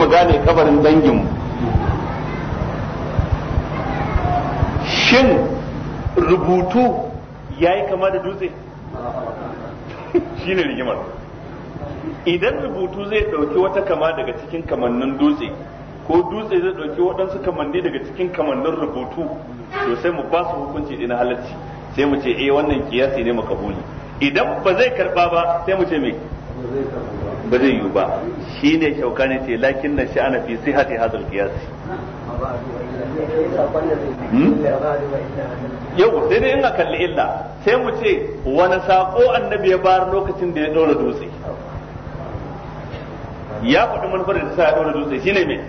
mu gane kabarin danginmu shin rubutu ya yi kama da dutse shine rigimar idan rubutu zai ɗauki wata kama daga cikin kamannin dutse ko dutse zai ɗauki waɗansu kamanni daga cikin kamannin rubutu to sai mu ba su hukunci ɗin halarci sai mu ce eh wannan kiyasi ne makabuli idan ba zai karba ba sai mu ce me ba zai yiwu ba shi ne shauka ne ce lakin na sha'ana fi haɗe hazar kiyasi. Hmm? yau sai dai in kalli illa sai mu ce wani saƙo annabi ya bayar lokacin da ya ɗora dutse ya faɗi manufar da sa ya ɗora dutse ne mai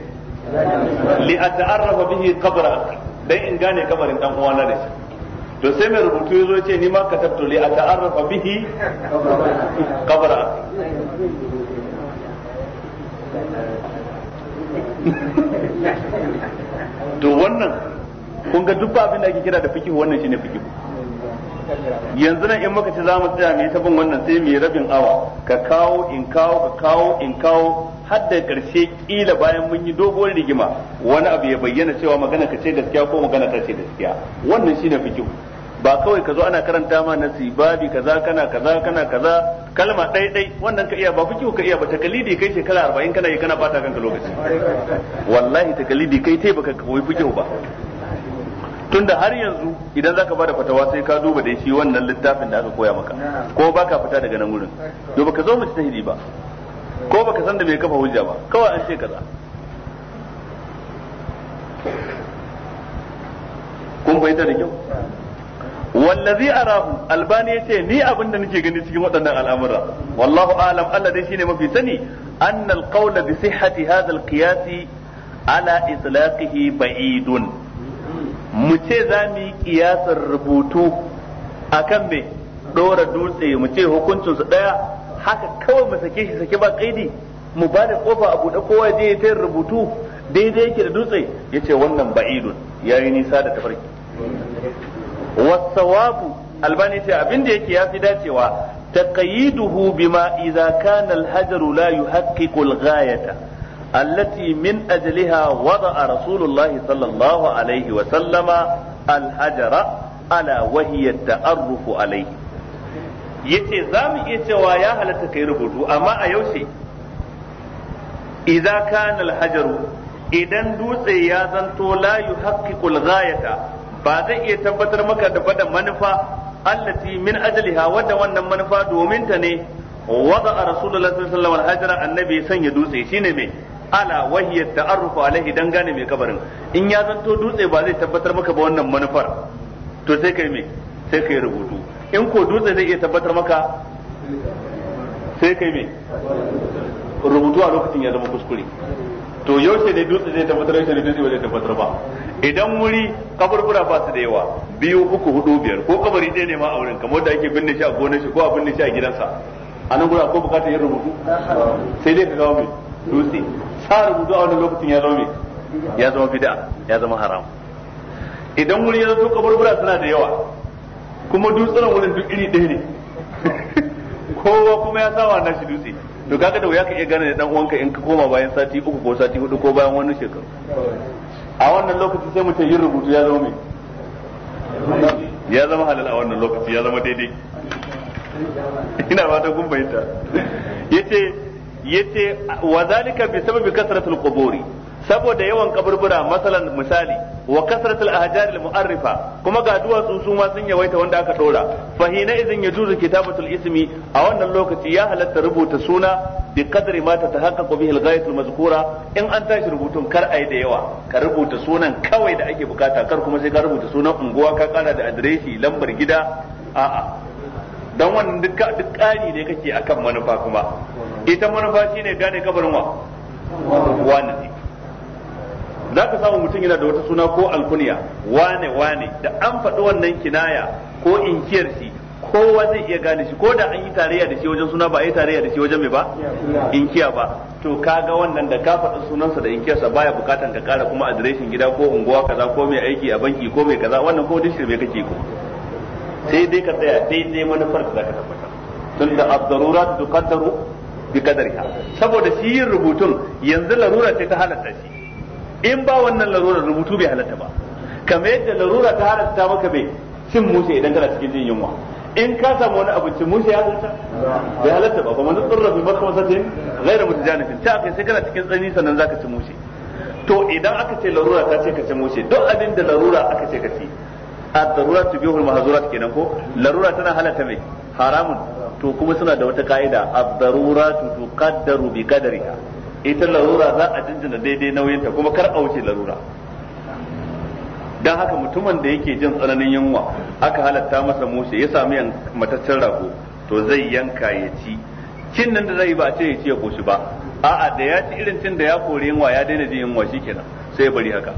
li a ta'arrafa bihi Kabara. dan in gane kabarin dan uwana da shi to sai mai rubutu ya zo ce ni ma katabtu li a ta'arrafa bihi Kabara. to wannan kun ga duk abin da ake kira da fikihu wannan shine fikihu yanzu nan in muka ce za mu tsaya mai ta bin wannan sai mai rabin awa ka kawo in kawo ka kawo in kawo har da karshe kila bayan mun yi dogon rigima wani abu ya bayyana cewa magana ka ce gaskiya ko magana ta ce gaskiya wannan shine fikihu ba kawai ka zo ana karanta ma nasi babi kaza kana kaza kana kaza kalma ɗai ɗai wannan ka iya ba kuki ka iya ba takalidi kai shekara arba'in kana yi kana bata kanka lokaci wallahi takalidi kai tai baka koyi fikihu ba tunda har yanzu idan zaka bada fatawa sai ka duba dai shi wannan littafin da aka koya maka ko baka fita daga nan gurin to baka zo mu tahidi ba ko baka san da me kafa hujja ba kawai an ce kaza kun fahimta da kyau wallazi arahu albani yace ni abin da nake gani cikin waɗannan al'amura wallahu alam Allah dai shine mafi sani annal qawla bi sihhati hadha al ala itlaqihi ba'idun mu ce za mu yi kiyasar rubutu akan me ɗora dutse mu ce hukuncin su haka kawai mu sake shi sake ba kaidi mu ba da kofa a buɗe kowa je ya tayar rubutu daidai yake da dutse yace wannan ba'idun yayi nisa da tafarki wasawabu albani ce abin da yake yafi dacewa taqayiduhu bima idza kana alhajaru la yuhaqqiqu alghayata allati min ajliha wada'a rasulullah sallallahu alaihi wa sallama alhajara ala wahiya ta'arrufu alaihi yace zamu iya cewa ya halatta kai rubutu amma a yaushe idza kana alhajaru idan dutse ya zanto la yuhaqqiqu alghayata ba zai iya tabbatar maka da faɗa manufa allati min ajliha wadda wannan manufa domin ta ne wada rasulullahi sallallahu alaihi wasallam annabi sanya dutse shine me ala wahiyat ta'arrufu alaihi dan gane mai kabarin in ya zanto dutse ba zai tabbatar maka ba wannan manufar to sai kai me sai kai rubutu in ko dutse zai iya tabbatar maka sai kai me rubutu a lokacin ya zama kuskure to yaushe ne dutse zai tabbatar yaushe ne dutse ba zai tabbatar ba idan wuri kaburbura ba su da yawa biyu uku hudu biyar ko kabari ɗaya ne ma a wurin kamar da ake binne shi a gonar shi ko a binne shi a gidansa a nan gura ko bukatar yin rubutu sai dai ka gawo mai dutse sa rubutu a wani lokacin ya zama mai ya zama fida ya zama haram idan wuri ya zato kaburbura suna da yawa kuma dutsen wurin duk iri ɗaya ne kowa kuma ya sa sawa nashi dutse to kaga da wuya ka iya gane dan uwanka in ka koma bayan sati uku ko sati hudu ko bayan wani shekaru a wannan lokaci sai mutum yin rubutu ya zama mai ya zama halal a wannan lokaci ya zama daidai ina ba ta kun bayyana yace yace wa zalika bi sababi kasratul quburi saboda yawan kaburbura masalan misali wa kasratul ahjar al mu'arrifa kuma ga duwatsu su ma sun yawaita wanda aka dora fa hina ya yajuzu kitabatul ismi a wannan lokaci ya halatta rubuta suna bi kadri ma tahaqqaqu bihi al ghayat al mazkura in an tashi rubutun kar ai da yawa ka rubuta sunan kawai da ake bukata kar kuma sai ka rubuta sunan unguwa ka kara da adireshi lambar gida a'a dan wannan duk kari ne kake akan manufa kuma ita manufa shine gane kabarin wa wani za ka samu mutum yana da wata suna ko alkuniya wane wane da an faɗi wannan kinaya ko inkiyar shi kowa zai iya gane shi ko da an yi tarayya da shi wajen suna ba a yi tarayya da shi wajen mai ba inkiya ba to kaga wannan da ka faɗi sunansa da inkiyarsa baya bukatan ka kara kuma adireshin gida ko unguwa kaza ko mai aiki a banki ko mai kaza wannan ko duk shirme kake ko sai dai ka tsaya daidai manufar da zaka tabbatar tunda da abdarura tuqaddaru bi qadariha saboda shi yin rubutun yanzu larura ce ta halatta shi in ba wannan larura rubutu bai halatta ba kamar yadda larura ta halatta maka bai cin musa idan kana cikin jin yunwa in ka samu wani cin musa ya halatta bai halatta ba kuma kuma duk tsirrafi da gaira mutajanifin ta akai sai kana cikin tsani sannan zaka ci musa to idan aka ce larura ta ce ka ci mushe duk abin da larura aka ce ka ci ad-darura tubihu al-mahzurat kenan ko larura tana halatta mai haramun to kuma suna da wata ka'ida ad-darura tuqaddaru bi qadariha ita larura za a jinjina daidai nauyinta kuma kar a wuce larura don haka mutumin da yake jin tsananin yunwa aka halatta masa mushe ya sami mataccen rago to zai yanka ya ci cin nan da zai ba ce ya ci ya koshi ba a'a da ya ci irin cin da ya kore yunwa ya daina jin yunwa shikenan sai bari haka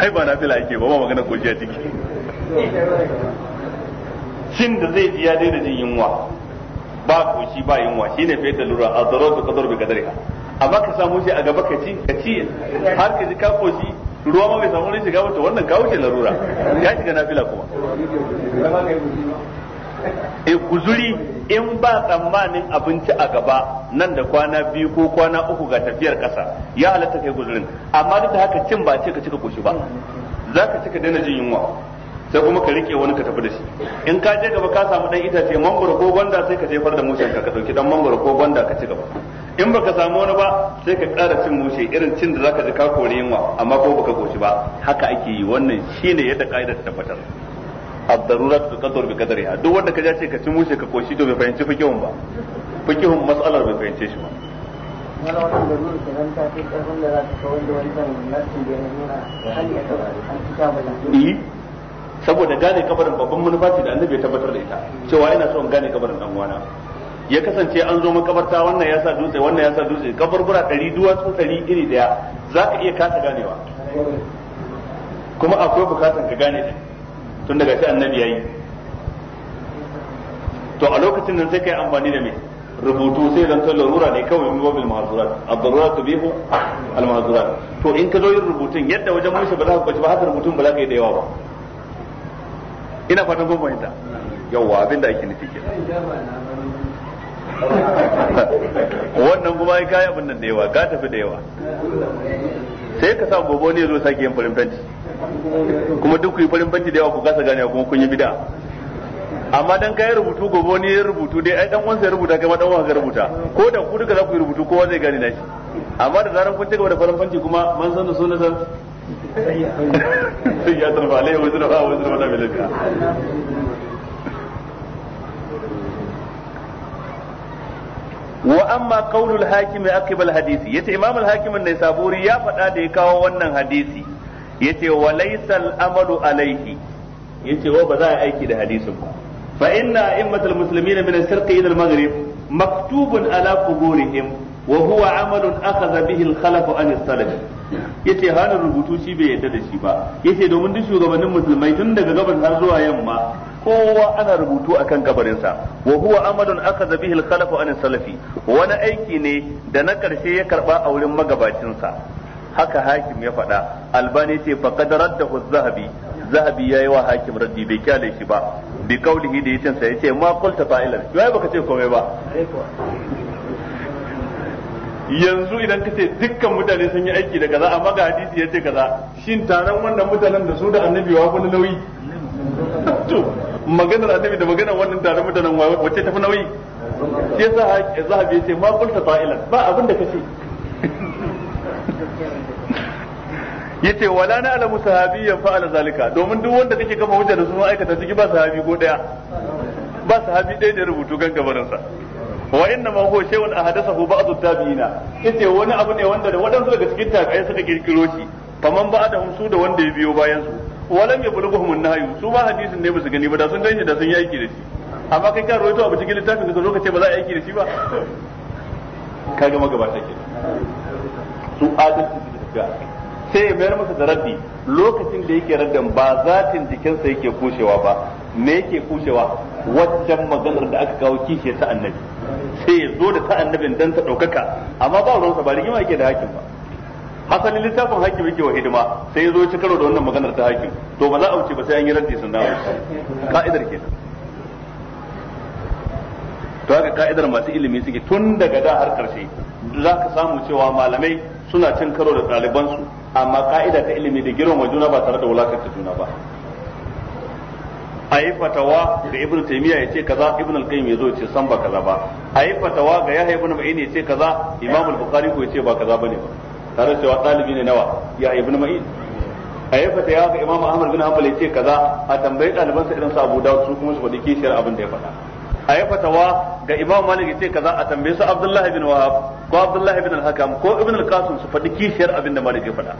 ai ba na fila ake ba ba magana koshi a ciki cin da zai ji ya daina jin yunwa ba koshi ba yunwa shine fa da lura azratu qadar bi qadariha amma ka samu shi a gaba ka ci ka ci har ka ji kafo shi ruwa ma bai samu ne shiga wata wannan ka ke larura ya shiga fila kuma e guzuri in ba tsammanin abinci a gaba nan da kwana biyu ko kwana uku ga tafiyar kasa ya halatta kai guzurin amma duk da haka cin ba ce ka cika koshi ba za ka cika daina jin yunwa sai kuma ka rike wani ka tafi da shi in ka je gaba ka samu dan itace mangoro ko gwanda sai ka je far da mushen ka ka dauki dan mangoro ko gwanda ka ci gaba in baka samu wani ba sai ka ƙara cin mushe irin cin da zaka ji ka kore yunwa amma ko baka goshi ba haka ake yi wannan shine yadda ka'idar ta tabbatar ad-darura tuqaddaru bi qadariha duk wanda ka ja ce ka ci mushe ka koshi to bai fahimci fikihun ba fikihun mas'alar bai fahimce shi ba wani saboda gane kabarin babban manufa ce da annabi ya tabbatar da ita cewa yana so in gane kabarin dan uwana ya kasance an zo makabarta wannan ya sa dutse wannan ya sa dutse gura ɗari duwatsu ɗari iri daya za ka iya kasa ganewa kuma akwai bukatan ka gane tun daga sai annabi yayi to a lokacin nan sai kai amfani da me rubutu sai zan tallo rura ne kawai min babil ma'azurat abdurra ta bihu al to in ka zo yin rubutun yadda wajen mushi ba za ka bace ba haka rubutun ba za ka yi da yawa ba ina fatan kun fahimta wa abinda ake nufi kenan wannan kuma ya kayi abin nan da yawa ga tafi da yawa sai ka sa gobe ne zo sake yin farin fenti kuma duk kuyi farin fenti da yawa ku kasa gane kuma kun yi bid'a amma dan kai rubutu gobe ne ya rubutu dai ai dan wansa ya rubuta kai ma dan wansa rubuta ko da ku duka za ku yi rubutu kowa zai gane nashi amma da zaran kun ci gaba da farin kuma man san da sunan sai ya tarfa alai wasu ba wasu da wata milaka wa amma qaulul hakimi aqibal hadisi yace imam al hakimin ne saburi ya fada da ya kawo wannan hadisi yace wa laysal amalu alayhi yace wa ba za a aiki da hadisin ba fa inna immatul muslimina min al-sirqi ila al-maghrib maktubun ala quburihim wa huwa amalun akhadha bihi al-khalafu an salaf yace hana rubutu shi bai yadda da shi ba yace domin duk shugabannin musulmai tun daga gabas har zuwa yamma kowa ana rubutu akan kabarinsa wa huwa amalun akhadha bihi al an salafi wani aiki ne da na karshe ya karba a wurin magabacinsa haka hakim ya faɗa albani ce fa qad raddahu zahabi zahabi yayi wa hakim raddi bai kyale shi ba bi kaulihi da yace sa yace ma qulta fa'ilan yayi baka ce komai ba yanzu idan ka ce dukkan mutane sun yi aiki da kaza amma ga hadisi ya ce kaza shin taron wannan mutanen da su da annabi wa wani nauyi to maganar annabi da maganar wannan taron mutanen wacce tafi nauyi sai sa zahabi ce ma kulta fa'ilan ba abin da kace yace wala na alamu ya fa'ala zalika domin duk wanda kake gama hujja da su aikata ciki ba sahabi ko daya ba sahabi ɗaya da rubutu kan gabarinsa wa inna ma huwa shay'un ahdathahu ba'd at-tabi'ina yace wani abu ne wanda da wadansu daga cikin tabi'ai suka kirkiro shi faman ba'dahum su da wanda ya biyo bayan su walam yablughuhum an-nahyu su ba hadisin ne musu gani ba da sun gani da sun yi aiki da shi amma kai ka rawaito abu cikin littafin da zo ka ce ba za a yi aiki da shi ba ka ga magabata ke su adalci su da sai ya mayar masa da raddi lokacin da yake raddan ba zatin jikinsa yake kushewa ba me yake kushewa waccan maganar da aka kawo kishe ta annabi sai ya zo da ta annabin dan ta ɗaukaka amma ba ruwansa ba rigima yake da hakim ba hasali littafin hakim yake wa hidima sai ya zo ci karo da wannan maganar ta hakim to ba za a wuce ba sai an yi raddi sun dawo ka'idar kenan to haka ka'idar masu ilimi suke tun daga da har karshe za ka samu cewa malamai suna cin karo da ɗalibansu amma ka'ida ta ilimi da girma juna ba tare da wulakanta juna ba a yi fatawa ga ibn taymiya ya ce kaza ibn al-qayyim ya zo ce san ba kaza ba a yi fatawa ga yahya ibn ma'in ya ce kaza imam al-bukhari ko ya ce ba kaza bane ba tare cewa dalibi ne nawa yahya ibn ma'in a yi fatawa ga imam ahmad bin hanbal ya ce kaza a tambayi ɗalibansa irin sa abu dawud su kuma su faɗi kishiyar abin da ya faɗa a yi fatawa ga imam malik ya ce kaza a tambayi su abdullahi bin wahab ko abdullahi bin al-hakam ko ibn al-qasim su faɗi kishiyar abin da malik ya faɗa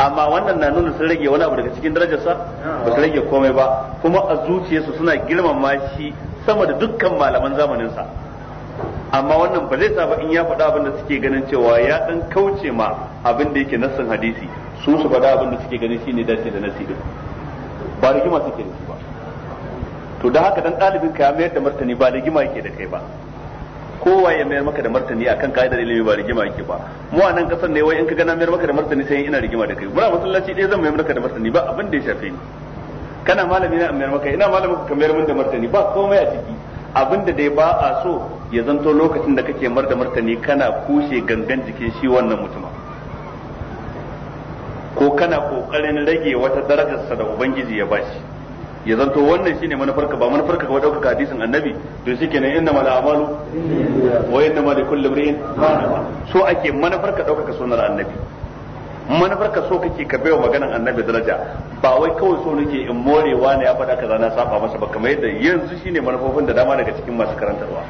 amma wannan na nuna sun rage wani abu daga cikin darajarsa ba su rage komai ba kuma a zuciyarsu suna girmama shi sama da dukkan malaman zamaninsa amma wannan ba zai saba in ya faɗa abin da suke ganin cewa ya ɗan kauce ma abin da yake nassin hadisi su su faɗa abin da suke ganin shi ne dace da nassi din ba rigima suke da shi ba to da haka dan ɗalibin ka ya mayar da martani ba rigima yake da kai ba kowa ya mayar maka da martani akan kaidar ilimi ba rigima yake ba mu a nan kasar ne wai in ka gana mayar maka da martani sai ina rigima da kai muna masallaci ɗaya zan mayar maka da martani ba abin da ya shafe ni kana malami na mayar maka ina malamin ka mayar min da martani ba komai a ciki abin da dai ba a so ya zanto lokacin da kake mar da martani kana kushe gangan jikin shi wannan mutuma ko kana kokarin rage wata darajarsa da ubangiji ya bashi ya zanto wannan shine manufar ka ba manufar ka kawai dauka hadisin annabi to kenan inna mal a'malu wa inna ma likulli imrin so ake manufar ka dauka sunnar annabi manufar ka so kake ka baiwa maganar annabi daraja ba wai kawai so nake in morewa ne ya faɗa kaza na saba masa ba kamar yadda yanzu shine manufofin da dama daga cikin masu karantarwa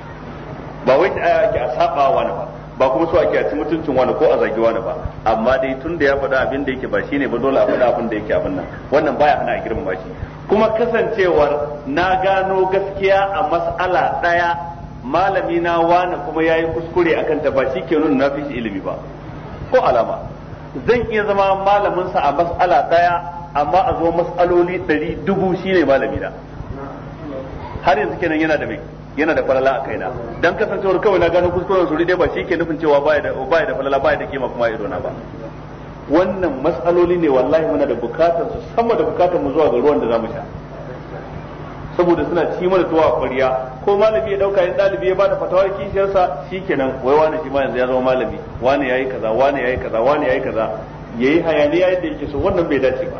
ba wai ta ake a saba wani ba ba kuma so ake a ci mutuncin wani ko a zagi wani ba amma dai tun da ya faɗa abin da yake ba shine ba dole a faɗa abin da yake abin nan wannan baya ana girmama shi kuma kasancewar na gano gaskiya a mas'ala ɗaya malami na wani kuma yayi kuskure akan ta ba shi ke nuna na fi shi ilimi ba ko alama zan iya zama malamin sa a mas'ala ɗaya amma a zo mas'aloli ɗari dubu shine malami na har yanzu kenan yana da mai yana da falala a kaina dan kasancewar kawai na gano kuskuren su dai ba shi ke nufin cewa baya da baya da falala baya da kima kuma ido na ba wannan matsaloli ne wallahi muna da bukatar su sama da bukatar mu zuwa ga ruwan da zamu sha saboda suna ci mana tuwa a kwariya ko malami ya dauka yin dalibi ya bada fatawar kishiyarsa shikenan wai wani shi ma yanzu ya zama malami wani yayi kaza wani yayi kaza wani yayi kaza yayi hayaniya yadda yake so wannan bai dace ba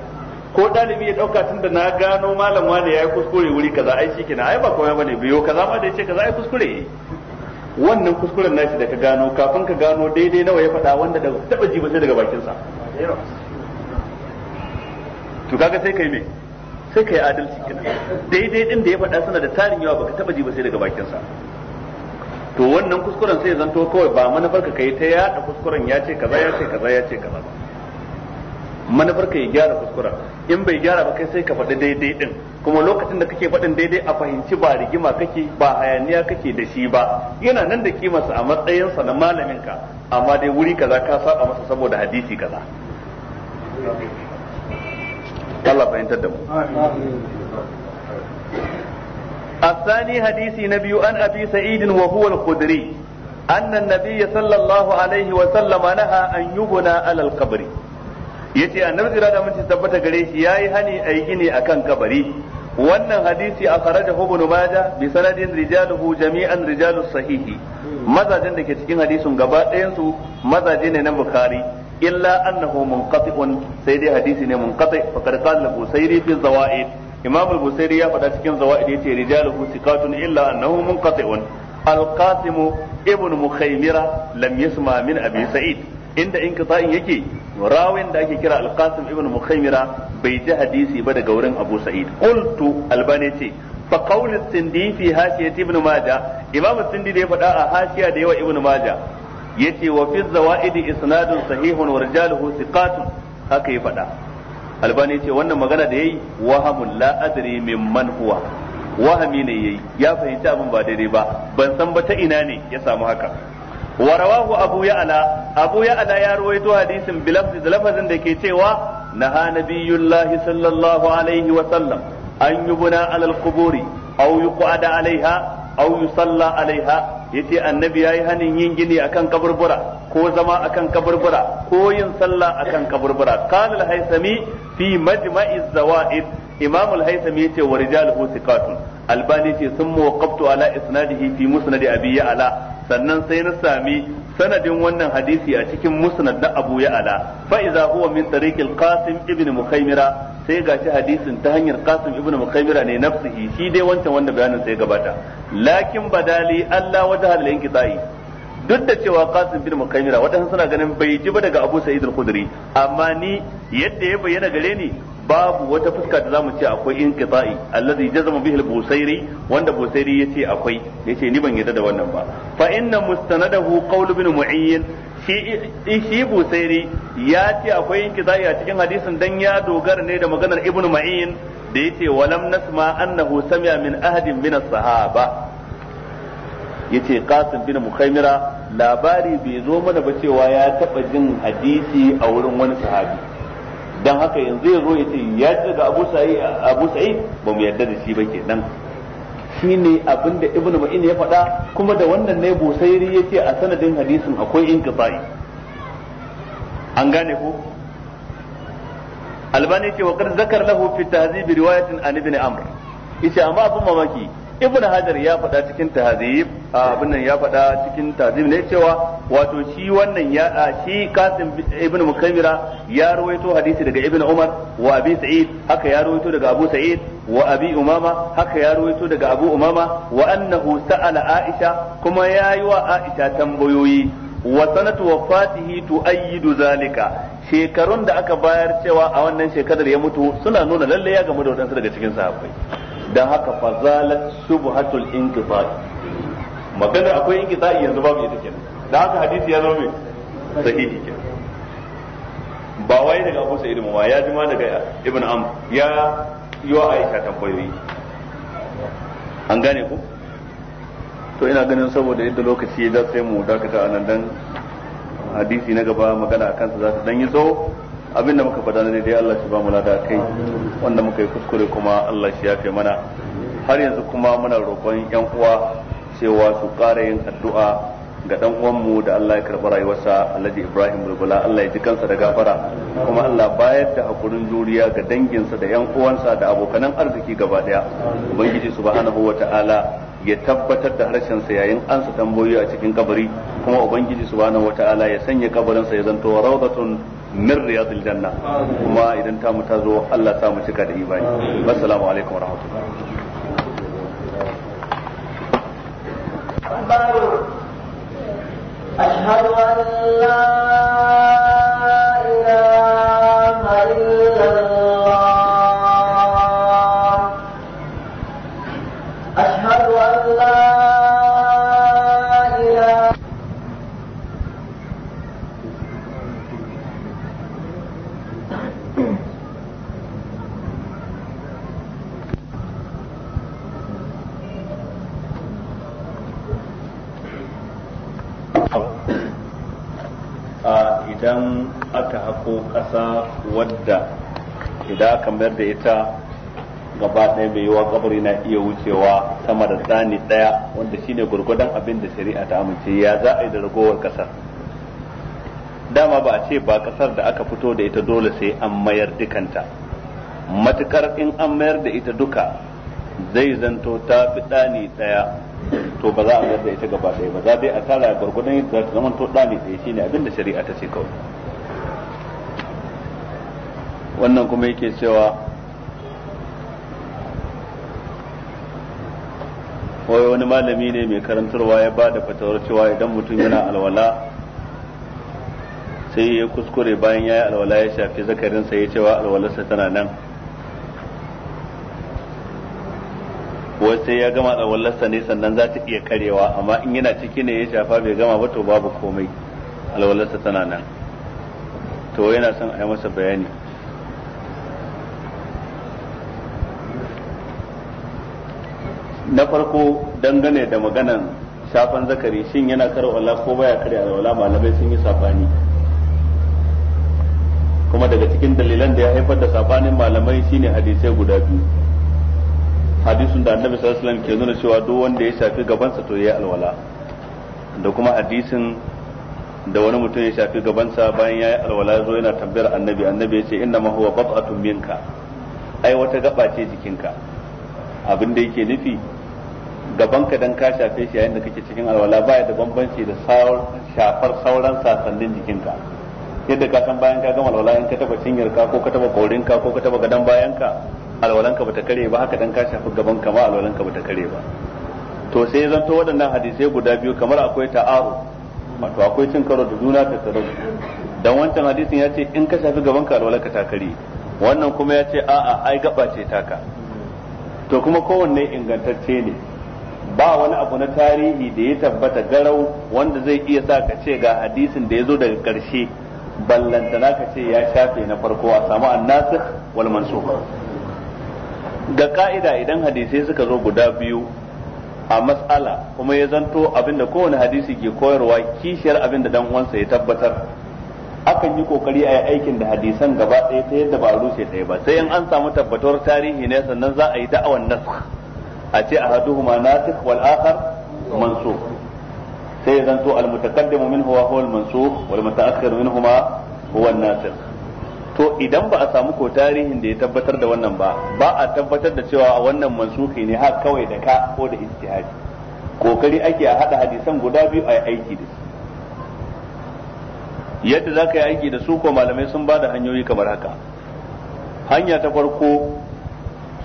ko ɗalibi ya ɗauka tun na gano malam wani ya yi kuskure wuri kaza ai shi kenan ai ba komai bane biyo kaza ma da yace kaza ai kuskure wannan kuskuren nashi da ka gano kafin ka gano daidai nawa ya faɗa wanda da taɓa ji ba sai daga bakinsa to kaga sai kai me sai kai adalci kenan daidai din da ya faɗa suna da tarin yawa baka taɓa ji ba sai daga bakinsa to wannan kuskuren sai zanto kawai ba manufar ka kai ta yaɗa kuskuren ya ce kaza ya ce kaza ya ce kaza manufar ka ya gyara kuskura in bai gyara ba kai sai ka faɗi daidai ɗin kuma lokacin da kake faɗin daidai a fahimci ba rigima kake ba hayaniya kake da shi ba yana nan da kimarsa a matsayinsa na malaminka amma dai wuri kaza ka saba masa saboda hadisi kaza Allah fahimtar da mu الثاني حديث نبي an أبي سعيد وهو الخدري أن النبي صلى الله عليه وسلم نهى أن يبنى على القبر Ya ce annabi tsira da mace tabbata gare shi ya yi hani ayi gini kan kabari wannan hadisi akhrajahu ibn majah bi sanadin rijaluhu jami'an rijalus sahihi Mazajen da ke cikin hadisin gaba ɗayan mazaje ne na bukari. illa annahu munqati'un sai dai hadisi ne munqati faqad qala busairi fi zawaid imam al-busairi ya faɗa cikin zawaid yace rijaluhu thiqatun illa annahu munqati'un al-qasim ibn mukhaymira lam yasma min abi sa'id inda in inqita'in yake rawin da ake kira al-qasim ibn mukhaymira bai ji hadisi ba daga wurin abu sa'id qultu albani ce fa qawl sindi fi hasiyat ibn majah imam sindi da ya faɗa a hasiya da yawa ibn majah yace wa fi zawaid isnadun sahihun wa rijaluhu thiqatun haka ya faɗa albani ce wannan magana da yayi wahamun la adri mimman huwa wahami ne yayi ya fahimci abin ba daidai ba ban san ba ta ina ne ya samu haka wa abu ya'la abu ya'la ya rawaito hadisin bilafzi da lafazin da ke cewa naha nabiyullahi sallallahu alaihi wa sallam an yubna ala al-quburi aw yuqada alaiha aw yusalla alaiha yace annabi ya yi hanin yin gini akan kaburbura ko zama akan kaburbura ko yin sallah akan kaburbura qala al-haythami fi majma'i az-zawaid imam al-haythami yace wa rijaluhu thiqatun albani ce sun muwaqqaftu ala isnadihi fi musnad abi ya'la sannan sai na sami sanadin wannan hadisi a cikin musnad da abu ya'la fa idza huwa min tariq al-qasim ibn mukhaymira sai gashi hadisin ta hanyar qasim ibn mukhaymira ne nafsihi shi dai wancan wanda bayanin sai gabata lakin badali Allah wajha al kitsayi. duk da cewa qasim bin mukaimira wadannan suna ganin bai ji ba daga abu sa'id al-khudri amma ni yadda ya bayyana gare ni babu wata fuska da zamu ce akwai inqita'i allazi jazama bihi al-busairi wanda busairi yace akwai yace ni ban yadda da wannan ba fa inna mustanadahu qawl bin mu'in shi shi busairi ya ce akwai inqita'i a cikin hadisin dan ya dogara ne da maganar ibn ma'in da yace walam nasma annahu sami'a min ahadin min as-sahaba yace qasim bin mukhaimira labari bai zo mana ba cewa ya taba jin hadisi a wurin wani sahabi dan haka yanzu ya zo yace ya ji ga Abu Sa'id Abu Sa'id ba mu yarda da shi ba kenan shine abinda Ibn Ma'in ya faɗa kuma da wannan ne Busairi yace a sanadin hadisin akwai inqita'i an gane ko Albani ce wa qad zakar lahu fi tahzib riwayatin an ibn Amr yace amma abin mamaki ibnu hajar ya faɗa cikin tahzib abin nan ya faɗa cikin tahzib ne cewa wato shi wannan ya shi kasim ibnu Mukamira ya rawaito hadisi daga Ibn umar wa abi sa'id haka ya rawaito daga abu sa'id wa abi umama haka ya rawaito daga abu umama wa annahu sa'ala aisha kuma yayi wa aisha tambayoyi wa sanatu wafatihi tu'ayyidu zalika shekarun da aka bayar cewa a wannan shekarar ya mutu suna nuna lalle ya gamu da wadansu daga cikin sahabbai dan haka fazalat shubhatul inqita'i magana akwai inqita'i yanzu babu ita kenan dan haka hadisi ya zama mai sahihi kenan ba wai daga Abu Sa'id ma ya ji ma daga Ibn Am ya yi wa Aisha tambayoyi an gane ku to ina ganin saboda yadda lokaci ya sai mu dakata anan dan hadisi na gaba magana akan sa za ta dan yi tsawo abin da muka fada ne dai Allah shi ba mu lada kai wanda muka yi kuskure kuma Allah shi yafe mana har yanzu kuma muna roƙon yan uwa cewa su ƙara yin addu'a ga dan uwanmu da Allah ya karɓi rayuwarsa Alhaji Ibrahim Bulbula Allah ya ji kansa da gafara kuma Allah bayar da hakurin juriya ga danginsa da yan uwansa da abokan arziki gaba daya ubangiji subhanahu wataala ya tabbatar da harshensa yayin ansa tambayoyi a cikin kabari kuma ubangiji subhanahu wataala ya sanya kabarin sa ya zanto rawdatun min riyadil janna kuma idan ta mu ta zo Allah ta mu cika da imani assalamu alaikum warahmatullahi أشهد ƙasa wadda idan aka mayar da ita gaba ɗaya mai yiwuwa kabari na iya wucewa sama da tsani ɗaya wanda shine gurgudan abin da shari'a ta amince ya za a yi da ragowar ƙasar dama ba a ce ba ƙasar da aka fito da ita dole sai an mayar dukanta matukar in an mayar da ita duka zai zanto ta fi ɗani ɗaya to ba za a mayar da ita gaba ɗaya ba za dai a tara gurgudan yadda za ta zama to ɗani ɗaya shine abin da shari'a ta ce kawai wannan kuma yake cewa wai wani malami ne mai karantarwa ya ba da fatawar cewa idan mutum yana alwala sai ya kuskure bayan ya yi alwala ya shafi zakarinsa ya cewa alwalarsa tana nan sai ya gama alwalarsa ne sannan za ta iya karewa amma in yana ciki ne ya shafa bai gama ba to babu komai alwalarsa tana nan to yana son a yi masa bayani na farko dangane da maganan shafan zakari shin yana karo wala ko baya karya wala malamai sun yi safani. kuma daga cikin dalilan da ya haifar da safanin malamai shine hadisai guda biyu hadisun da annabi sallallahu alaihi wasallam ke nuna cewa duk wanda ya shafi gabansa to yayi alwala da kuma hadisin da wani mutum ya shafi gabansa bayan yayi alwala zo yana tambayar annabi annabi ya ce inna ma huwa bab'atun minka ai wata gaba ce jikinka abin da yake nufi gaban ka dan ka shafe shi yayin da kake cikin alwala baya da bambanci da shafar sauran sasannin jikinka yadda ka san bayan ka gama alwala in ka taba cinyar ka ko ka taba korin ka ko ka taba gadan bayan ka alwalan ka bata kare ba haka dan ka shafi gaban ka ma alwalan ka bata kare ba to sai zan to waɗannan hadisai guda biyu kamar akwai ta'aru wato akwai cin karo da juna ta tsaro dan wancan hadisin ya ce in ka shafi gaban ka alwalan ka ta kare wannan kuma ya ce a'a ai gaba ce taka to kuma kowanne ingantacce ne ba wani abu na tarihi da ya tabbata garau wanda zai iya sa ka ce ga hadisin da ya zo daga ƙarshe ballantana ka ce ya shafe na farko a samu annasikh wal ga ka'ida idan hadisai suka zo guda biyu a matsala kuma ya zanto abinda kowane hadisi ke koyarwa kishiyar abinda dan uwansa ya tabbatar akan yi kokari a yi aikin da hadisan gaba ɗaya ta yadda ba a rushe ɗaya ba sai in an samu tabbatuwar tarihi ne sannan za a yi da'awan nasu a ce a nasikh wal akhar mansukh sai ya zanto al mutaqaddimu minhu wa huwa al wal huwa to idan ba a samu ko tarihin da ya tabbatar da wannan ba ba a tabbatar da cewa wannan mansuki ne har kawai da ka ko da ijtihadi kokari ake a hada hadisan guda biyu a aiki da su yadda za ka yi aiki da su ko malamai sun ba da hanyoyi kamar haka hanya ta farko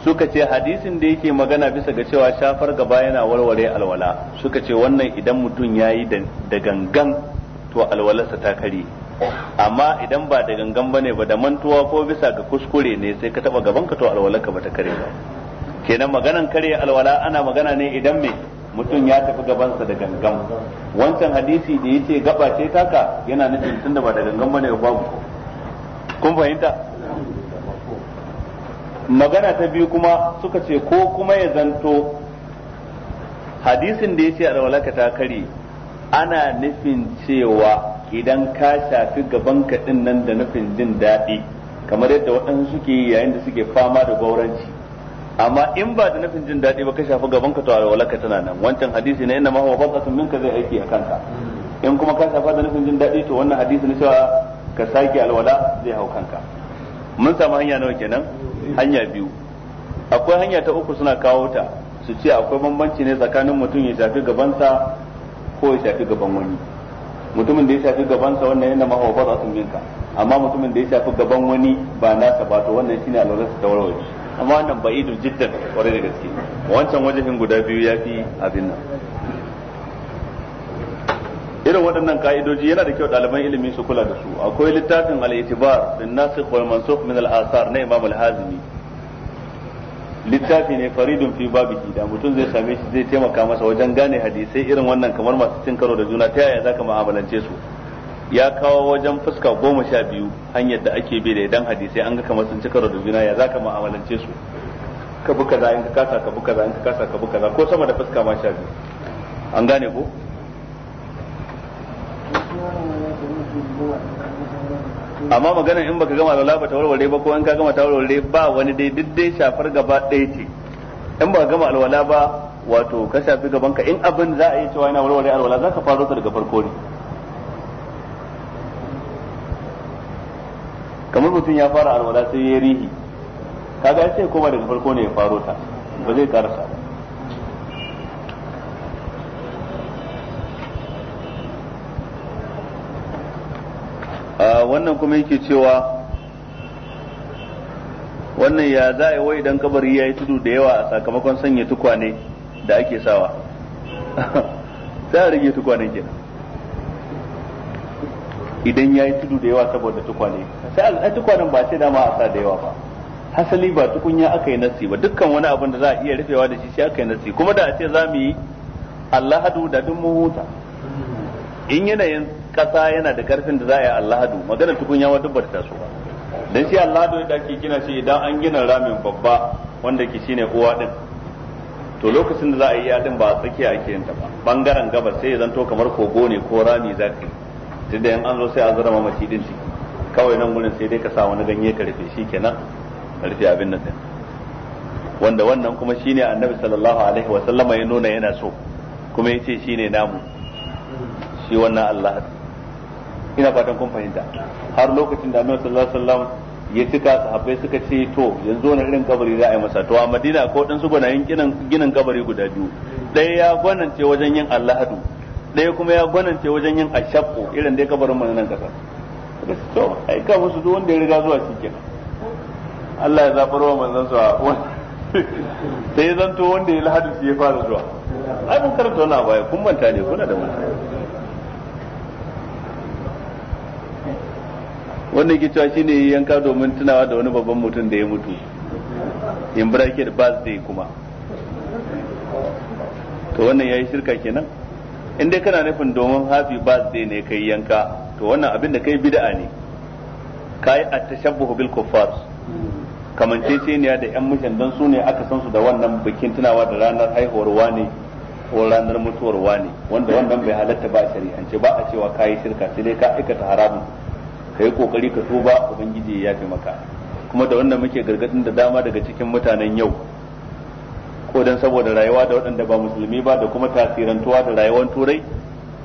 suka ce hadisin da yake magana bisa ga cewa shafar gaba yana warware alwala suka ce wannan idan mutum ya yi da gangan to alwalarsa ta kare amma idan ba da gangan bane ba da mantuwa ko bisa ga kuskure ne sai ka taba gaban ka to alwalarka ba ta kare ba kenan maganan kare alwala ana magana ne idan me mutum ya tafi gabansa da gangan wancan hadisi da yake gaba ce taka yana nufin tunda ba da gangan bane babu kun fahimta magana ta biyu kuma suka ce ko kuma ya zanto hadisin da ya ce alwalaka ta kare ana nufin cewa idan ka shafi gaban ka din nan da nufin jin daɗi kamar yadda waɗansu suke yayin da suke fama da gauranci amma in ba da nufin jin daɗi ba ka shafi gaban ka to rawalaka tana nan wancan hadisi na inna ma huwa min minka zai aiki a kanka in kuma ka shafa da nufin jin daɗi to wannan hadisi na cewa ka sake alwala zai hau kanka mun samu hanya nawa kenan hanya biyu akwai hanya ta uku suna kawo ta su ce akwai bambanci ne tsakanin mutum ya shafi gabansa ko ya shafi gaban wani mutumin da ya shafi gabansa wannan yana mahawa ba za su minka amma mutumin da ya shafi gaban wani ba nasa ba to wannan shine alwalarsa ta warware amma wannan ba idul jiddan kware da gaske wancan wajen guda biyu ya fi abin nan irin waɗannan ka'idoji yana da kyau ɗaliban ilimi su kula da su akwai littafin al-itibar bin nasikh wal mansukh min al-asar na imam al-hazimi littafi ne faridun fi babiki da mutum zai same shi zai taimaka masa wajen gane hadisai irin wannan kamar masu cin karo da juna ta yaya zaka mu'amalance su ya kawo wajen fuska goma sha biyu hanyar da ake bi da idan hadisai an ga kamar sun ci karo da juna ya zaka mu'amalance su ka bi kaza in ka kasa ka bi kaza in ka kasa ka bi kaza ko sama da fuska ma sha biyu an gane ko amma magana in baka gama alwala ba ta warware ba ko in ka gama ta warware ba wani dai duk dai shafar gaba ɗaya ce in baka gama alwala ba wato ka shafi gaban ka in abin za a yi cewa yana warware alwala za ka faro ta daga farko ne kamar mutum ya fara alwala sai ya rihi kaga ya ce koma daga farko ne ya faro ta ba zai karasa wannan kuma yake cewa wannan ya za a wai idan kabari ya yi tudu da yawa a sakamakon sanya tukwane da ake sawa sai a rage tukwane kenan idan ya yi tudu da yawa saboda tukwane sai a tukwanen ba sai dama a sa da yawa ba hasali ba tukunya aka yi nasi ba dukkan wani abin da za a iya rufewa da shi sai aka yi nasi kuma da a ce za mu yi allahadu da duk mu huta in yanayin kasa yana da karfin da za a yi allahadu magana tukunya wa dubbar ta so don shi allahadu da ake gina shi idan an gina ramin babba wanda ke shine uwa din to lokacin da za a yi yadin ba a tsakiya ake yin ta ba bangaren gabas sai zan zanto kamar kogo ne ko rami za ka yi da yan an zo sai a zura mamaci din ciki kawai nan gurin sai dai ka sa wani ganye ka rufe shi kenan ka rufe abin nan din wanda wannan kuma shine annabi sallallahu alaihi wa sallama ya nuna yana so kuma yace shine namu shi wannan Allah ina fatan kun fahimta har lokacin da annabi sallallahu alaihi wasallam ya cika sahabbai suka ce to yanzu wani irin kabari za a yi masa to a madina ko dan su yin ginin kabari guda biyu ɗaya ya gwanance wajen yin allahadu ɗaya kuma ya gwanance wajen yin ashabu irin dai kabarin mana nan kasa to ai ka musu duk wanda ya riga zuwa shikenan Allah ya zafar wa manzon sa sai zanto wanda ya lahadu shi ya fara zuwa ai mun karanta wannan baya kun manta ne kuna da mutane wannan ke cewa shine yanka domin tunawa da wani babban mutum da ya mutu in bracket birthday kuma to wannan yayi shirka kenan in dai kana nufin domin happy birthday ne kai yanka to wannan abin da kai bid'a ne kai at-tashabbuh bil kuffar ya da yan mishan dan su ne aka san su da wannan bikin tunawa da ranar haihuwar wani ko ranar mutuwar wani wanda wannan bai halatta ba a shari'ance ba a cewa kai shirka sai dai ka aikata haramun ka yi kokari ka tuba ubangiji ya yafe maka kuma da wannan muke gargadin da dama daga cikin mutanen yau ko dan saboda rayuwa da waɗanda ba musulmi ba da kuma tasirantuwa da rayuwar turai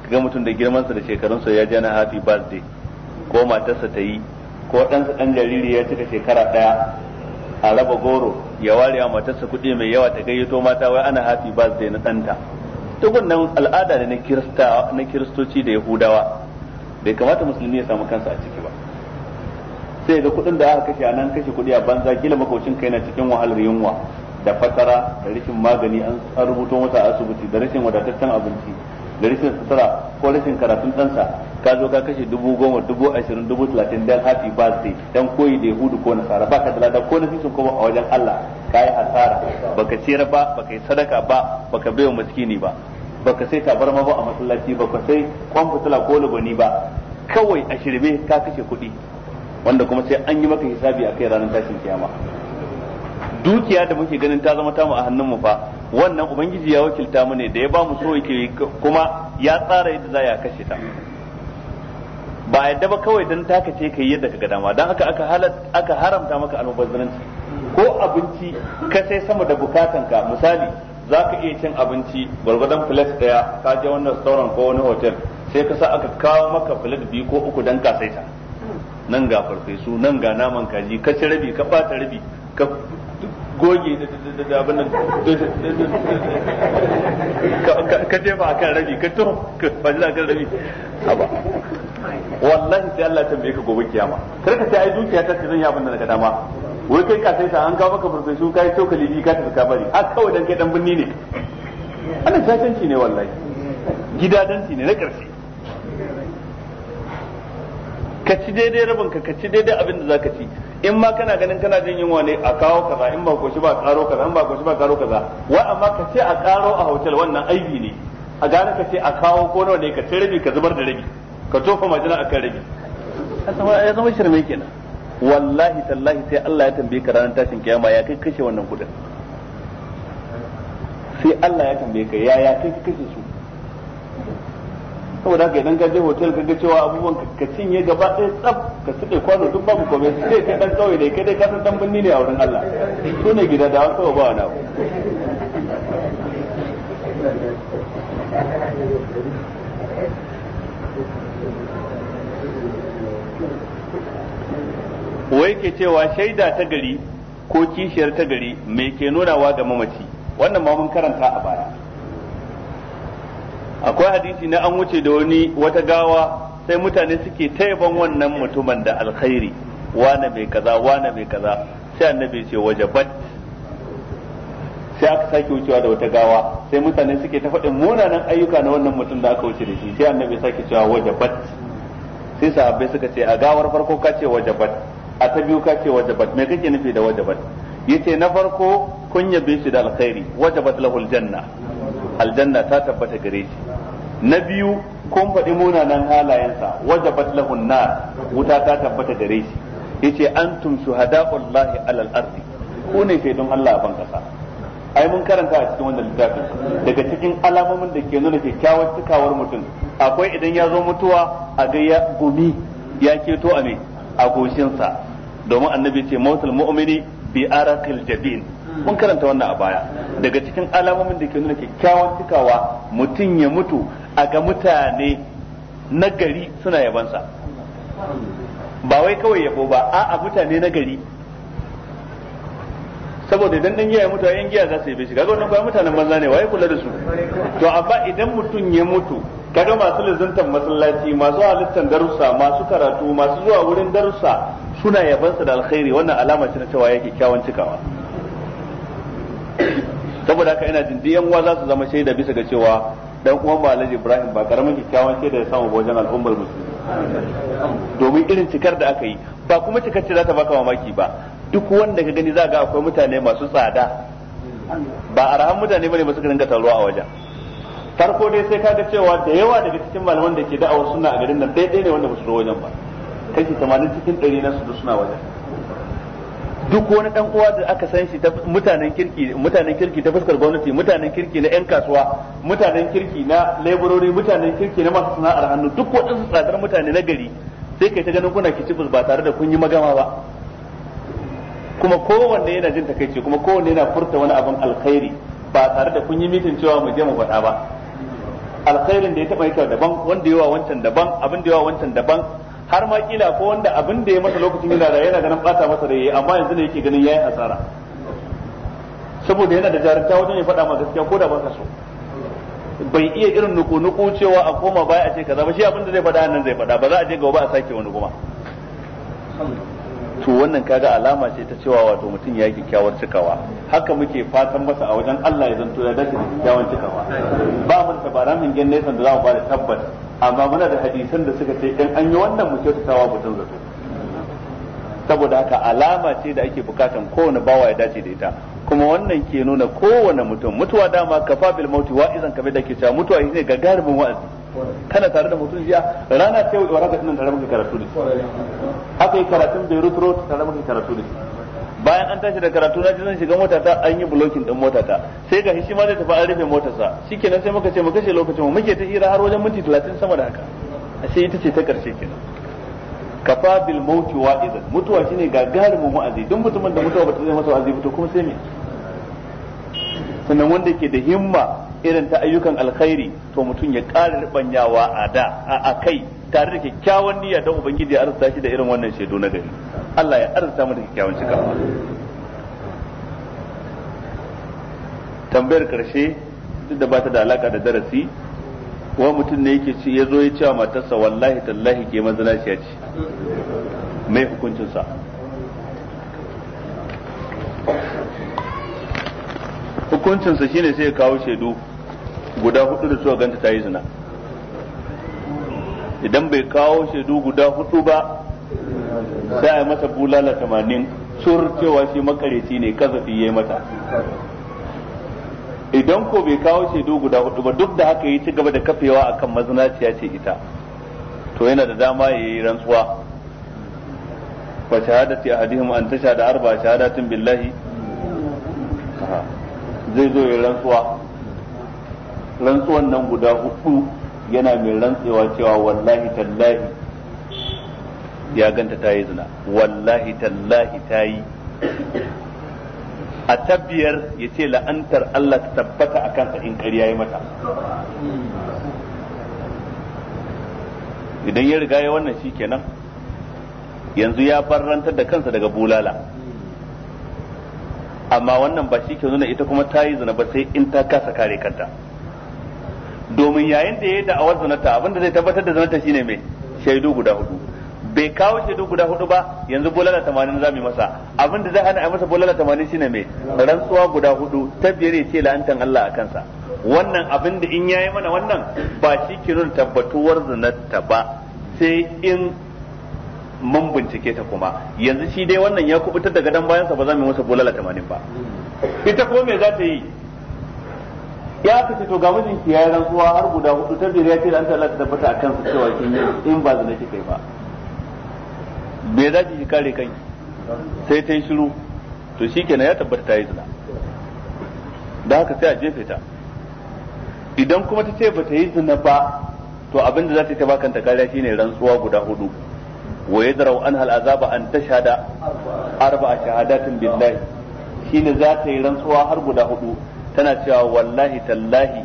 kaga mutum da girmansa da shekarunsa ya je na happy birthday ko matarsa ta yi ko ɗansa ɗan jariri ya cika shekara daya a raba goro ya ware wa matarsa kuɗi mai yawa ta gayyato mata wai ana happy birthday na ɗanta tukun nan al'ada ne na kiristoci da yahudawa bai kamata musulmi ya samu kansa a ciki sai ga kuɗin da aka kashe a nan kashe kuɗi a banza kila makocin kai na cikin wahalar yunwa da fatara da rashin magani an rubuto mata a asibiti da rashin wadataccen abinci da rashin sutura ko rashin karatun ɗansa ka zo ka kashe dubu goma dubu ashirin dubu talatin dan ba sai dan koyi da yahudu ko nasara ba ka da lada ko nasisun ko a wajen Allah ka yi hasara baka ciyar ba baka yi sadaka ba baka baiwa maskini ba baka sai tabarma ba a masallaci baka sai kwan fitila ko lubani ba kawai a shirme ka kashe kuɗi wanda kuma sai an yi maka hisabi a kai ranar tashin kiyama dukiya da muke ganin ta zama tamu a hannun mu fa wannan ubangiji ya wakilta mu ne da ya ba mu so yake kuma ya tsara yadda za ya kashe ta ba yadda ba kawai dan taka ce kai yadda kaga dama dan haka aka halat aka haramta maka almubazzaranci ko abinci ka sai sama da ka misali zaka iya cin abinci gwargwadon plate daya ka je wannan restaurant ko wani hotel sai ka sa aka kawo maka plate biyu ko uku dan ka saita nan ga farfesu nan ga naman kaji ka ci rabi ka bata rabi ka goge da abin nan ka jefa a kan rabi ka to ka faɗi a kan rabi haba wallahi sai Allah mai ka gobe kiyama kar ka sai ai dukiya ta ce zan yi abin da ka dama wai kai ka sai ta an kawo maka farfesu yi tokali bi ka tafi ka bari a kawai dan kai dan binni ne ana sacanci ne wallahi gidadanci ne na karshe ka ci daidai rabin ka ka ci daidai abin da zaka ci in ma kana ganin kana jin yunwa ne a kawo kaza in ba koshi ba karo kaza in ba koshi ba karo kaza wa amma ka ce a karo a hotel wannan aibi ne a gane ka ce a kawo ko nawa ne ka ci rabi ka zubar da rabi ka tofa majina kan rabi ya zama shirme kenan wallahi tallahi sai Allah ya tambaye ka ranar tashin kiyama ya kai kashe wannan kudin sai Allah ya tambaye ka yaya kai kashe su saboda haka idan ka je hotel ka ga cewa abubuwan ka cinye gaba ɗaya tsaf ka suke kwano duk babu kome su ce kai dan kawai dai kai dai ka san dan ne a wurin Allah su ne gida da wasu ba wani abu wai ke cewa shaida ta gari ko kishiyar ta gari mai ke nunawa ga mamaci wannan ma mun karanta a baya akwai hadisi na an wuce da wani wata gawa sai mutane suke taiban wannan mutumin da alkhairi wane mai kaza wane mai kaza sai annabi ce wajabat sai aka sake wucewa da wata gawa sai mutane suke ta faɗin munanan ayyuka na wannan mutum da aka wuce da shi sai annabi sake cewa wajabat sai sahabbai suka ce a gawar farko ka ce wajabat a ta biyu ka ce wajabat me kake nufi da wajabat yace na farko kun yabe shi da alkhairi wajabat lahul janna aljanna ta tabbata gare shi na biyu kun faɗi munanan halayensa wajen batlahun na wuta ta tabbata gare shi yace antum shuhada'ullahi alal ardi ku ne shaidun Allah a ban kasa ai mun karanta a cikin wannan littafin daga cikin alamomin da ke nuna kyakkyawar cikawar mutum akwai idan ya zo mutuwa a ga ya gumi ya keto a me a goshinsa domin annabi ce mautul mu'mini bi arakil jabin mun karanta wannan a baya daga cikin alamomin da ke nuna kyakkyawan cikawa mutum ya mutu a ga mutane na gari suna yabansa ba wai kawai yabo ba a'a mutane na gari saboda idan dan giya ya mutu yan giya za su yabe shi kaga wannan ba mutanen banza ne wai kula da su to amma idan mutum ya mutu kaga masu lizantan masallaci masu halittar darussa masu karatu masu zuwa wurin darussa suna yabansa da alkhairi wannan alama ce na cewa yake kyawun cikawa saboda haka ina jindi yan uwa za su zama shaida bisa ga cewa dan uwan Alhaji Ibrahim ba karamin kyakkyawan shaida ya samu wajen al'ummar musulmi domin irin cikar da aka yi ba kuma cikar ce za ta baka mamaki ba duk wanda ka gani za ga akwai mutane masu tsada ba arhan mutane bane ba suka dinga taruwa a wajen farko dai sai ka ga cewa da yawa daga cikin malaman da ke da'awar suna a garin nan daidai ne wanda ba su zo wajen ba kashi tamanin cikin ɗari na su suna waje duk wani ɗan uwa da aka san shi mutanen kirki mutanen kirki ta fuskar gwamnati mutanen kirki na ƴan kasuwa mutanen kirki na laborori mutanen kirki na masu sana'ar hannu duk waɗansu tsadar mutane na gari sai kai ta ganin kuna kicibus ba tare da kun yi magama ba kuma kowanne yana jin takaici kuma kowanne yana furta wani abin alkhairi ba tare da kun yi mitin cewa mu je mu faɗa ba alkhairin da ya taɓa yi daban wanda yawa wancan daban abin da yawa wancan daban har ma kila ko wanda abin da ya masa lokacin yana da yana ganin bata masa da yayi amma yanzu ne yake ganin yayi asara saboda yana da jarumta wajen ya faɗa ma gaskiya ko da ba ka so bai iya irin nuku-nuku cewa a koma baya a ce kaza ba shi abin da zai faɗa nan zai faɗa ba za a je gaba a sake wani kuma to wannan kaga alama ce ta cewa wato mutum ya yi kyakkyawar cikawa haka muke fatan masa a wajen Allah ya zanto ya dace da kyakkyawar cikawa ba mun tabaran hangen nesa da za mu ba da tabbata amma muna da hadisan da suka ce in an yi wannan mu kyautatawa mutum zato saboda haka alama ce da ake bukatan kowane bawa ya dace da ita kuma wannan ke nuna kowane mutum mutuwa dama kafa bil mauti wa idan kabe da ke cewa mutuwa shine gagarumin wa'azi kana tare da mutum jiya rana ce wa raka tunan da muka karatu ne haka yi karatun Beirut Road tare muka karatu ne bayan an tashi da karatu na ji zan shiga mota ta an yi blocking din mota ta sai ga shi ma zai tafi an rufe motar sa shikenan sai muka ce mu kashe lokacin mu muke ta hira har wajen minti 30 sama da haka sai ita ce ta karshe kenan kafa bil mauti idan mutuwa shine gagarumu mu azi duk mutumin da mutuwa ta zai masa wa'azi ba to kuma sai me sannan wanda ke da himma irin ta ayyukan alkhairi to mutum ya ƙara ribanyawa a da a kai tare da kyakkyawan niyya don ubangiji ya arzuta shi da irin wannan shaidu na gari Allah ya arzuta mu da kyakkyawan cikawa tambayar karshe duk da bata da alaka da darasi wa mutum ne yake ya zo ya wa matarsa wallahi tallahi ke ya ce mai hukuncinsa hukuncinsa shine sai ya kawo shaidu guda hudu da suka ganta ta yi zina idan bai kawo shaidu guda hudu ba sai a masa bulala tamanin sur cewa shi makareci ne kazafi ya mata idan ko bai kawo shaidu guda hudu ba duk da haka yi ci gaba da kafewa akan mazinaciya ce ita to yana da dama ya yi rantsuwa wa a ahadihim an tasha da arba shahadatin billahi zai zo ya rantsuwa rantsuwan nan guda hudu yana mai rantsewa cewa wallahi tallahi ya ganta ta yi zina wallahi tallahi ta yi a tabbiyar ya ce la'antar Allah ta tabbata a kansa in ƙarya ya mata idan ya riga ya wannan shi kenan yanzu ya farrantar da kansa daga bulala amma wannan ba shi ke nuna ita kuma ta yi zina ba sai in ta kasa kare kanta domin yayin da ya yi da'awar zinata abinda zai tabbatar da zanata shine mai shaidu guda hudu bai kawo shaidu guda hudu ba yanzu bolala tamanin za mu masa abinda zai hana a masa bolala tamanin shine mai rantsuwa guda hudu ta biyar ya ce la'antan Allah a kansa wannan abin da in yayi mana wannan ba shi ke nuna tabbatuwar zinata ba sai in mun bincike ta kuma yanzu shi dai wannan ya kubutar daga dan bayansa ba za mu masa bolala tamanin ba ita kuma me za ta yi ya ka ce to ga mijinki ya yi rantsuwa har guda hudu ta biyar ya ce da an ta tabbata a su cewa kin yi in ba zina kika kai ba me za ki kare kai sai ta yi shiru to shikenan ya tabbata ta yi zina da haka sai a jefe ta idan kuma ta ce ba ta yi zina ba to abin da za ta yi ta ba kanta kariya shine rantsuwa guda hudu wa yadrau an hal azaba an tashhada arba'a shahadatin billahi shine za ta yi rantsuwa har guda hudu tana cewa wallahi tallahi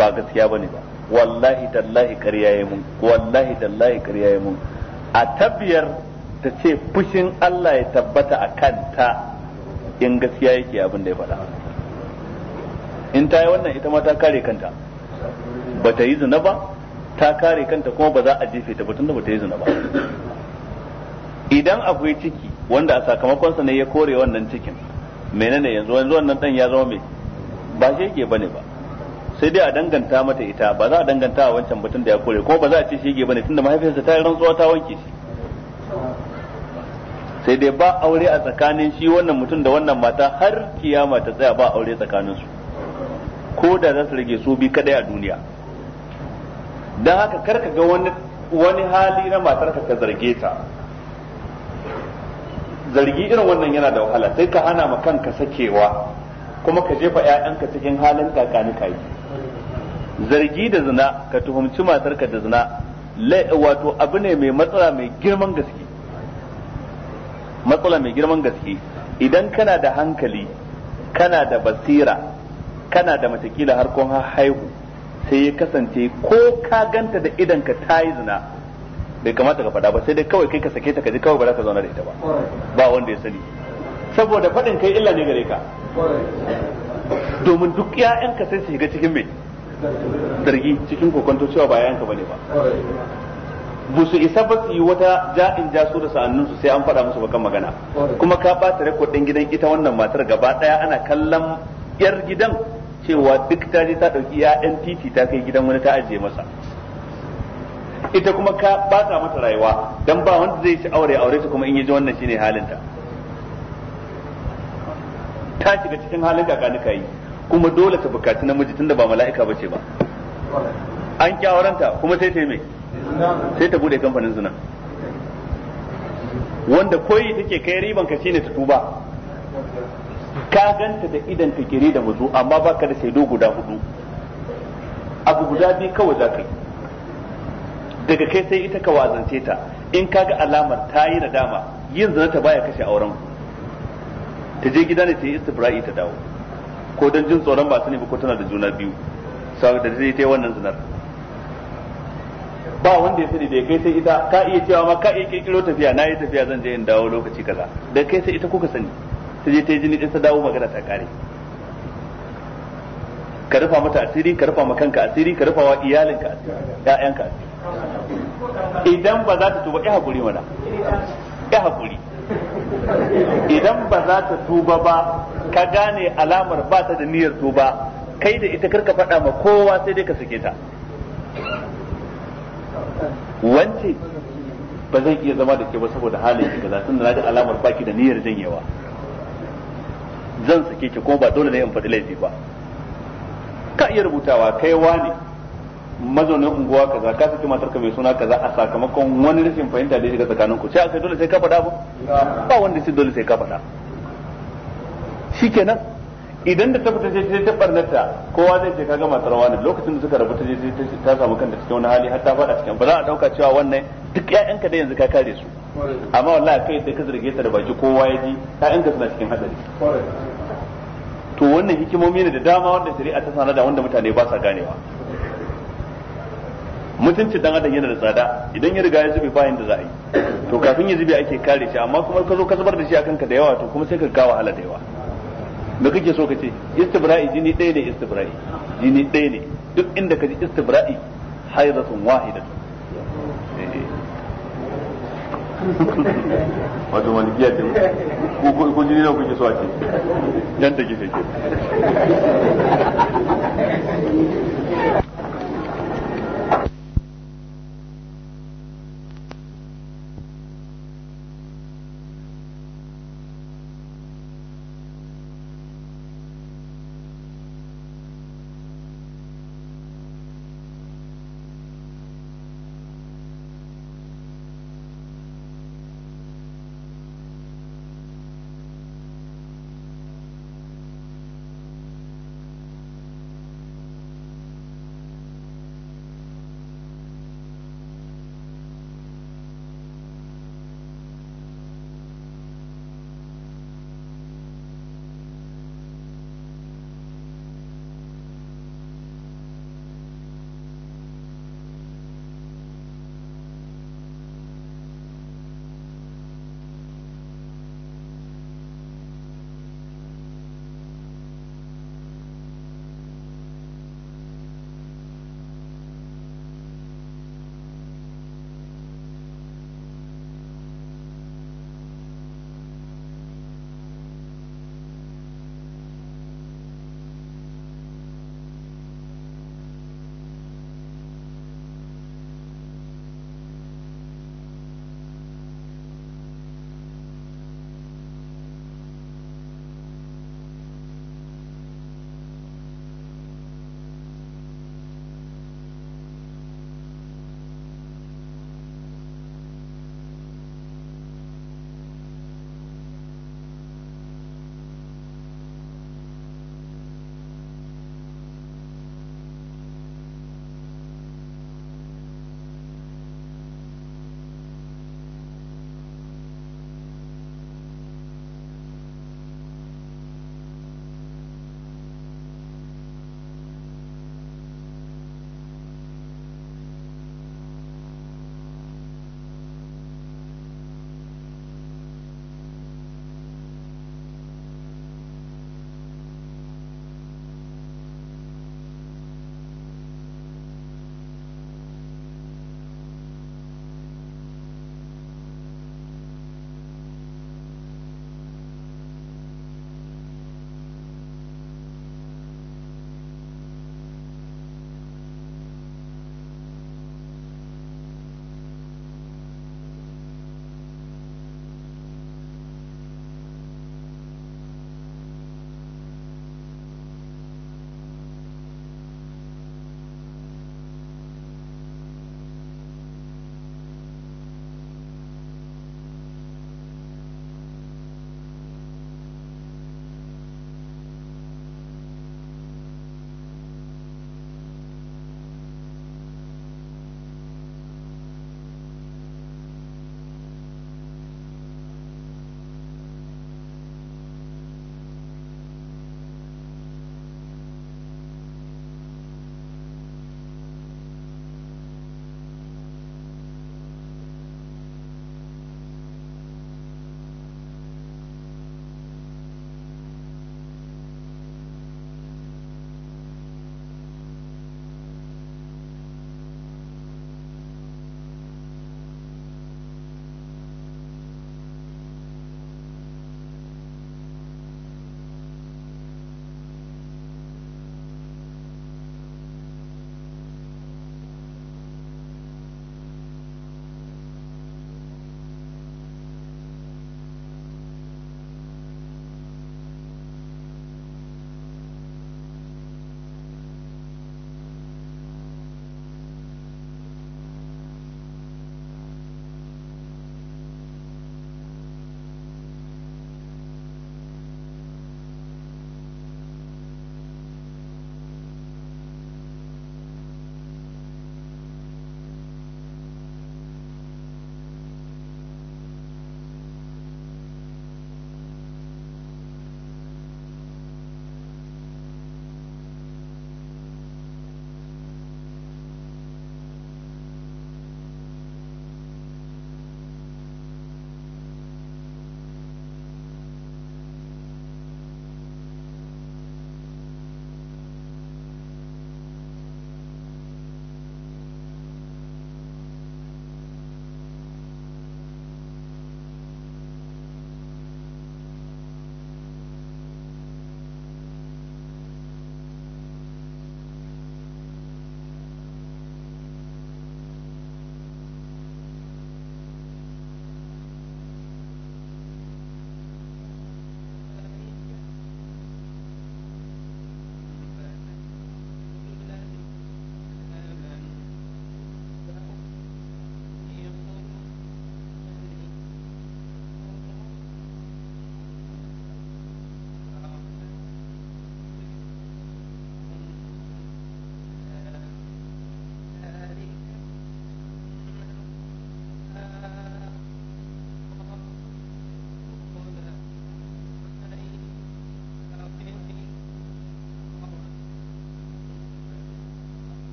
ba gaskiya bane ba wallahi tallahi ƙarya mun wallahi tallahi ƙarya mun a tabbiyar ta ce fushin Allah ya tabbata a kanta in gaskiya yake abin da ya faɗa in ta yi wannan ita ma ta kare kanta ba ta yi zina ba ta kare kanta kuma ba za a jefe ta batun da ba ta yi zina ba idan akwai ciki wanda a sakamakonsa ne ya kore wannan cikin menene yanzu wannan dan ya zama mai ba shege bane ba sai dai a danganta mata ita ba za a danganta a wancan batun da ya kore ko ba za a ce shege bane tunda mahaifiyarsa ta yi rantsuwa ta wanke shi sai dai ba aure a tsakanin shi wannan mutum da wannan mata har kiyama ta tsaya ba aure tsakanin su ko da za su rage su bi kadai a duniya dan haka karka ga wani wani hali na matar ka ka zarge ta zargi irin wannan yana da wahala sai ka hana ma kanka sakewa kuma ka jefa ƴaƴanka cikin halin kakani kai zargi da zina ka tuhumci matarka da zina wato abu ne mai matsala mai girman gaske matsala mai girman gaske idan kana da hankali kana da basira kana da matakila har kun haihu sai ya kasance ko ka ganta da idan ka ta yi zina bai kamata ka faɗa ba sai dai kawai kai ka sake ta ka ji kawai ba za ka zauna da ita ba ba wanda ya sani saboda faɗin kai illa ne gare ka domin duk ƴaƴanka sai su shiga cikin mai zargi cikin kokonto cewa ba ƴaƴanka bane ba ba su isa ba su yi wata ja'in jasu da sa'annin su sai an faɗa musu bakan magana kuma ka ɓata rekodin gidan ita wannan matar gaba ɗaya ana kallon yar gidan cewa duk ta je ta ɗauki yayan titi ta kai gidan wani ta ajiye masa ita kuma ka ɓata mata rayuwa don ba wanda zai ci aure aure ta kuma in yi ji wannan shine halinta ta shiga cikin halin kaka ni kai kuma dole ta bukaci namiji tunda ba mala'ika bace ba an kyawaranta kuma sai ta yi mai sai ta bude kamfanin zina wanda koyi take kai riban ka shine ta tuba ka ganta da idan ta kiri da mutu amma baka da shaidu guda hudu abu guda biyu kawai za kai, daga kai sai ita ka wazance ta in kaga alamar ta yi dama yin zina ta baya kashe auren ku ta je gida ne ta yi istifra'i ta dawo ko don jin tsoron ba sani ba ko tana da juna biyu sau da zai ta yi wannan zinar ba wanda ya sani da ya kai sai ita ka iya cewa ma ka iya kirkiro tafiya na yi tafiya zan je in dawo lokaci kaza da kai sai ita kuka sani ta je ta yi jini ta dawo magana ta kare ka rufa mata asiri ka rufa ma kanka asiri ka rufa wa iyalinka asiri ƴaƴanka asiri idan ba za ta tuba ya haƙuri mana ya haƙuri idan ba za ta tuba ba ka gane alamar ba ta da niyyar tuba kai da ita karka faɗa ma kowa sai dai ka sake ta wance ba zan iya zama da ke ba saboda halin ki kaza da naga alamar baki da niyyar janyewa zan sake ki ko ba dole ne in faɗi laifi ba ka iya rubutawa kai ne. mazaunin unguwa kaza ka saki matar ka mai suna kaza a sakamakon wani rashin fahimta da ya shiga tsakanin ku sai aka dole sai ka faɗa ba ba wanda sai dole sai ka faɗa shikenan idan da ta fita je ta barnata kowa zai ce kaga matar wani lokacin da suka rabu ta je ta samu kanta cikin wani hali har ta faɗa cikin ba za a dauka cewa wannan duk ka da yanzu ka kare su amma wallahi kai sai ka zurge ta da baki kowa ya ji ka suna cikin hadari to wannan hikimomi ne da dama wanda shari'a ta da wanda mutane ba sa ganewa mutunci dan adam yana da tsada idan ya riga ya zube bayan da za a yi to kafin ya zube ake kare shi amma kuma ka zo ka zubar da shi akan ka da yawa to kuma sai ka ga wahala da yawa me kake so ka ce istibra'i jini ɗaya ne istibra'i jini ɗaya ne duk inda ka ji istibra'i haidatun wahidatu eh. wato ya ce ko ko jini nawa kuke so a ce dan take take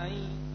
I.